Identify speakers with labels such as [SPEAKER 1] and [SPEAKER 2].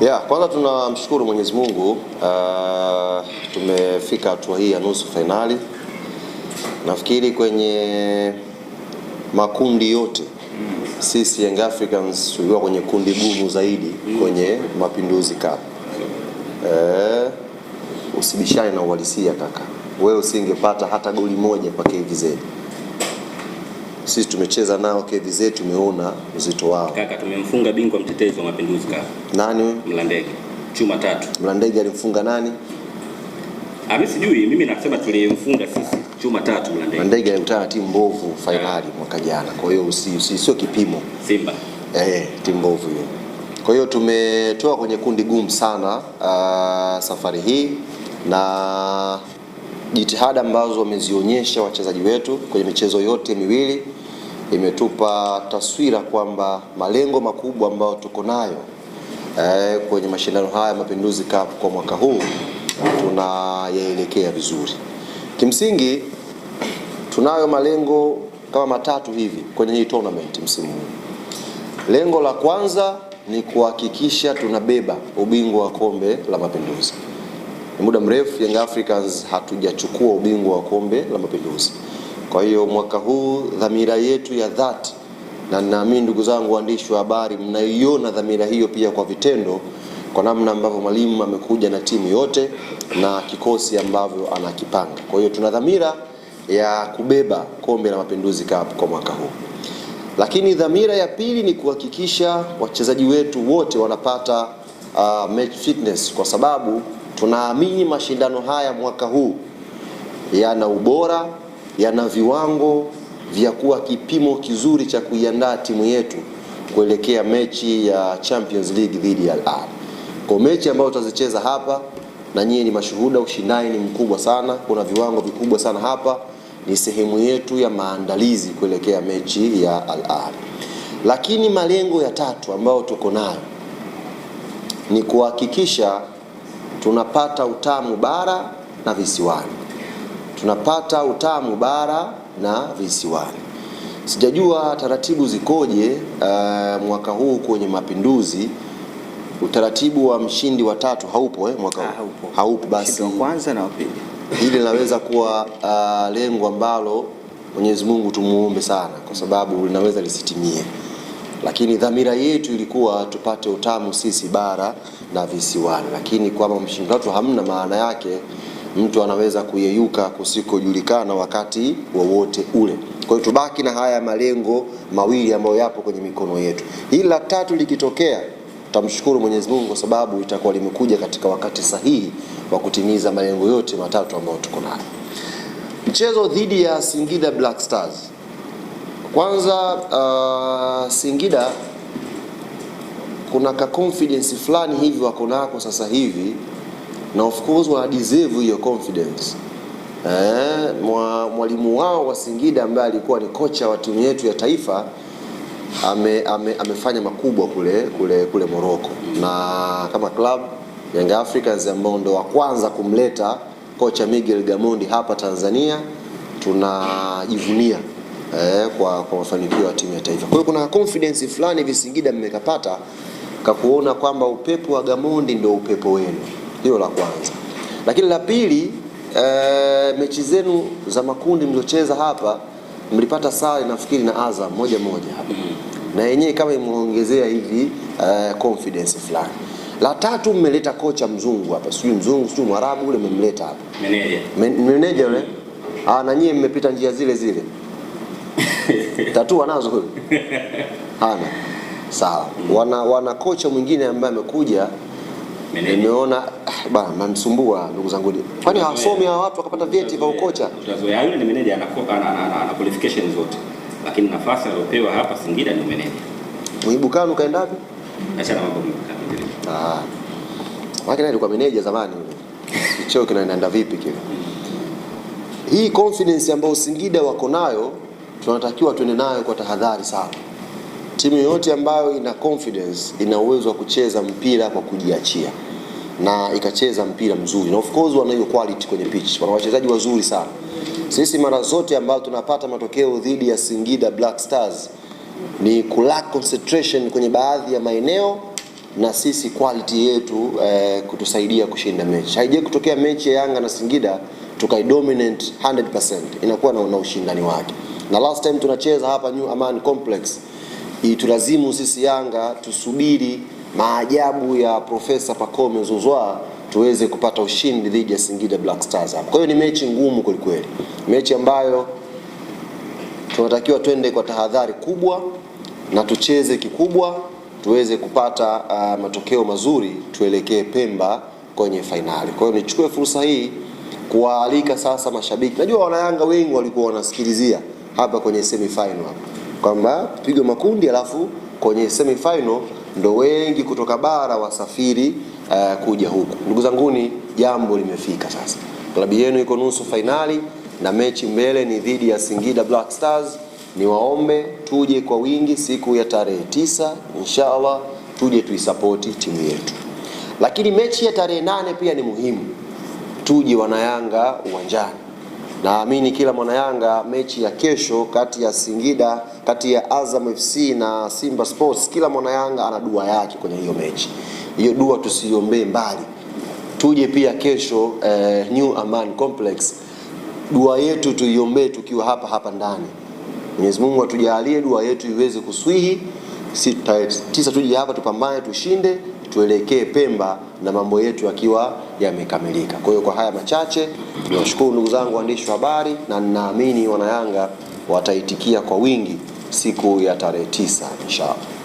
[SPEAKER 1] Yeah, kwanza tunamshukuru Mwenyezi Mungu uh, tumefika hatua hii ya nusu fainali. Nafikiri kwenye makundi yote sisi Young Africans tulikuwa kwenye kundi gumu zaidi kwenye Mapinduzi Cup. Eh, usibishane na uhalisia kaka, wewe usingepata hata goli moja kwa KVZ sisi tumecheza nao KVZ, tumeona uzito wao.
[SPEAKER 2] Kaka, tumemfunga bingwa mtetezi wa mapinduzi kaka. Nani? Mlandege. Chuma tatu.
[SPEAKER 1] Mlandege alimfunga nani?
[SPEAKER 2] Ah, Mimi sijui, mimi nasema tulimfunga sisi chuma tatu Mlandege.
[SPEAKER 1] Mlandege alikutana timu mbovu fainali mwaka jana, kwa hiyo sio kipimo Simba. Eh, eh, timu mbovu hiyo. Kwa hiyo tumetoa kwenye kundi gumu sana uh, safari hii na jitihada ambazo wamezionyesha wachezaji wetu kwenye michezo yote miwili imetupa taswira kwamba malengo makubwa ambayo tuko nayo eh, kwenye mashindano haya Mapinduzi Cup kwa mwaka huu tunayaelekea vizuri. Kimsingi tunayo malengo kama matatu hivi kwenye hii tournament msimu huu. Lengo la kwanza ni kuhakikisha tunabeba ubingwa wa kombe la Mapinduzi. Ni muda mrefu Young Africans hatujachukua ubingwa wa kombe la Mapinduzi. Kwa hiyo mwaka huu dhamira yetu ya dhati, na ninaamini ndugu zangu waandishi wa habari, mnaiona dhamira hiyo pia kwa vitendo, kwa namna ambavyo mwalimu amekuja na timu yote na kikosi ambavyo anakipanga. Kwa hiyo tuna dhamira ya kubeba kombe la Mapinduzi Cup kwa mwaka huu, lakini dhamira ya pili ni kuhakikisha wachezaji wetu wote wanapata uh, match fitness, kwa sababu tunaamini mashindano haya mwaka huu yana ubora yana viwango vya kuwa kipimo kizuri cha kuiandaa timu yetu kuelekea mechi ya Champions League dhidi ya Al Ahly. Kwa mechi ambayo tutazicheza hapa na nyie ni mashuhuda, ushindani ni mkubwa sana, kuna viwango vikubwa sana hapa. Ni sehemu yetu ya maandalizi kuelekea mechi ya Al Ahly. Lakini malengo ya tatu ambayo tuko nayo ni kuhakikisha tunapata utamu bara na visiwani tunapata utamu bara na visiwani. Sijajua taratibu zikoje uh, mwaka huu kwenye mapinduzi utaratibu wa mshindi wa tatu haupo eh, mwaka huu ah, haupo, haupo. Basi wa
[SPEAKER 2] kwanza na wa pili
[SPEAKER 1] hili linaweza kuwa uh, lengo ambalo Mwenyezi Mungu tumuombe sana, kwa sababu linaweza lisitimie, lakini dhamira yetu ilikuwa tupate utamu sisi bara na visiwani, lakini kwamba mshindi wa tatu hamna, maana yake mtu anaweza kuyeyuka kusikojulikana wakati wowote ule. Kwa hiyo tubaki na haya malengo mawili ambayo yapo kwenye mikono yetu. Hili la tatu likitokea, tutamshukuru Mwenyezi Mungu kwa sababu itakuwa limekuja katika wakati sahihi wa kutimiza malengo yote matatu ambayo tuko nayo. Mchezo dhidi ya Singida Black Stars. Kwanza uh, Singida kuna ka confidence fulani hivi wako nako sasa hivi na of course wana deserve hiyo confidence eh, mwa, mwalimu wao wa Singida ambaye alikuwa ni kocha wa timu yetu ya taifa ame, ame, amefanya makubwa kule, kule, kule Morocco na kama club Young Africans ambao ndo wa kwanza kumleta kocha Miguel Gamondi hapa Tanzania tunajivunia eh, kwa, kwa mafanikio ya timu ya taifa. Kwa hiyo kuna confidence fulani visingida mmekapata kakuona kwamba upepo wa Gamondi ndio upepo wenu. Hilo la kwanza, lakini la pili e, mechi zenu za makundi mliocheza hapa mlipata sare nafikiri na Azam moja moja hapa na yenyewe kama imeongezea hivi e, confidence fulani. La tatu mmeleta kocha mzungu hapa, sijui mzungu sijui mwarabu ule mmemleta hapa, meneja meneja yule ah, na nyie mmepita njia zile zile tatua nazo huyo hana sawa. Wana, wana kocha mwingine ambaye amekuja nimeona ah, bana mamsumbua ndugu zangu, kwani hawasomi hawa watu wakapata vyeti vya ukocha?
[SPEAKER 2] Utazoea yule ni meneja ana qualifications zote, lakini nafasi aliyopewa hapa Singida ni meneja.
[SPEAKER 1] Muibukano kaenda wapi?
[SPEAKER 2] Achana mambo Muibukano. Ah,
[SPEAKER 1] wakati alikuwa meneja zamani yule, cheo kinaenda vipi kile? Hii confidence ambayo Singida wako nayo tunatakiwa tuende nayo kwa tahadhari sana. Timu yoyote ambayo ina confidence ina uwezo wa kucheza mpira kwa kujiachia na ikacheza mpira mzuri, na of course wana hiyo quality kwenye pitch, wana wachezaji wazuri sana. Sisi mara zote ambayo tunapata matokeo dhidi ya Singida Black Stars ni kulack concentration kwenye baadhi ya maeneo na sisi quality yetu eh, kutusaidia kushinda mechi. Haijai kutokea mechi ya Yanga na Singida dominant 100%, inakuwa na, na ushindani wake. Na last time tunacheza hapa New Aman Complex, itulazimu sisi Yanga tusubiri maajabu ya Profesa Pacome Zuzwa tuweze kupata ushindi dhidi ya Singida Black Stars hapa. Kwa hiyo ni mechi ngumu kwelikweli, mechi ambayo tunatakiwa twende kwa tahadhari kubwa na tucheze kikubwa tuweze kupata uh, matokeo mazuri tuelekee Pemba kwenye fainali. Kwa hiyo nichukue fursa hii kuwaalika sasa mashabiki, najua wanayanga wengi walikuwa wanasikilizia hapa kwenye semifinal kwamba pigwe makundi alafu kwenye semifinal ndo wengi kutoka bara wasafiri uh, kuja huku. Ndugu zanguni, jambo limefika sasa. Klabu yenu iko nusu fainali na mechi mbele ni dhidi ya Singida Black Stars. Ni waombe tuje kwa wingi siku ya tarehe tisa, inshallah tuje tuisapoti timu yetu, lakini mechi ya tarehe nane pia ni muhimu, tuje wanayanga uwanjani Naamini kila mwana Yanga, mechi ya kesho kati ya Singida, kati ya Azam FC na Simba Sports, kila mwana Yanga ana dua yake kwenye hiyo mechi. Hiyo dua tusiombee mbali, tuje pia kesho eh, New Aman Complex, dua yetu tuiombee tukiwa hapa hapa ndani. Mwenyezi Mungu atujalie dua yetu iweze kuswihi tisa tuje hapa tupambane, tushinde, tuelekee Pemba na mambo yetu yakiwa yamekamilika. Kwa hiyo kwa haya machache, niwashukuru ndugu zangu waandishi wa habari, na ninaamini wanayanga wataitikia kwa wingi siku ya tarehe tisa inshallah.